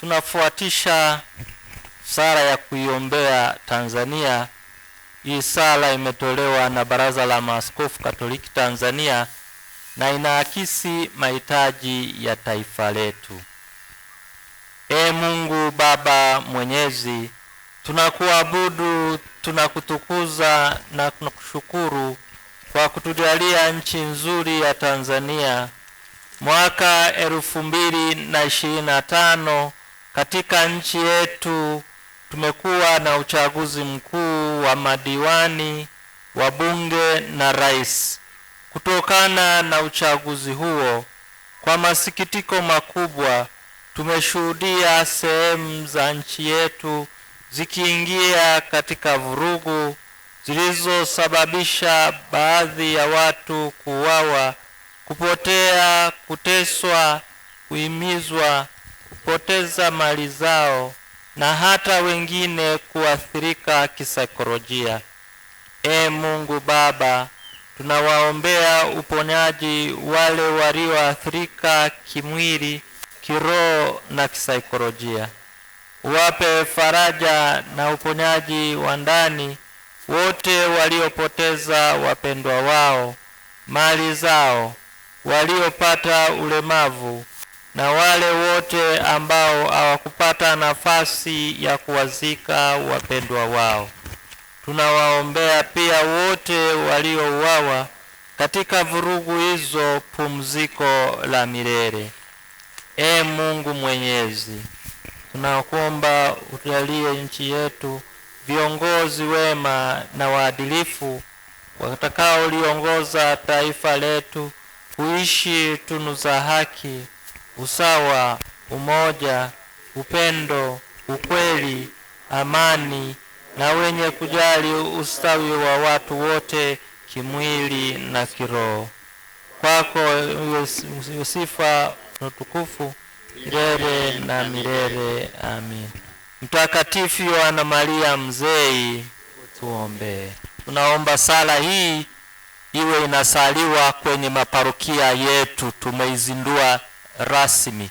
Tunafuatisha sala ya kuiombea Tanzania. Hii sala imetolewa na Baraza la Maaskofu Katoliki Tanzania na inaakisi mahitaji ya taifa letu. Ee Mungu Baba Mwenyezi, tunakuabudu, tunakutukuza na tunakushukuru kwa kutujalia nchi nzuri ya Tanzania. Mwaka elfu mbili na ishirini na tano katika nchi yetu tumekuwa na uchaguzi mkuu wa madiwani, wa bunge na rais. Kutokana na uchaguzi huo, kwa masikitiko makubwa, tumeshuhudia sehemu za nchi yetu zikiingia katika vurugu zilizosababisha baadhi ya watu kuuawa, kupotea, kuteswa, kuhimizwa kupoteza mali zao na hata wengine kuathirika kisaikolojia. E Mungu Baba, tunawaombea uponyaji wale walioathirika kimwili, kiroho na kisaikolojia. Wape faraja na uponyaji wa ndani wote waliopoteza wapendwa wao, mali zao, waliopata ulemavu na wote ambao hawakupata nafasi ya kuwazika wapendwa wao. Tunawaombea pia wote waliouawa katika vurugu hizo pumziko la milele. E Mungu Mwenyezi, tunakuomba utujalie nchi yetu viongozi wema na waadilifu watakaoliongoza taifa letu kuishi tunu za haki, usawa umoja, upendo, ukweli, amani na wenye kujali ustawi wa watu wote kimwili na kiroho. Kwako yosifa na utukufu milele na milele. Amin. Mtakatifu Yohana Maria Mzee, tuombee. Tunaomba sala hii iwe inasaliwa kwenye maparokia yetu, tumeizindua rasmi.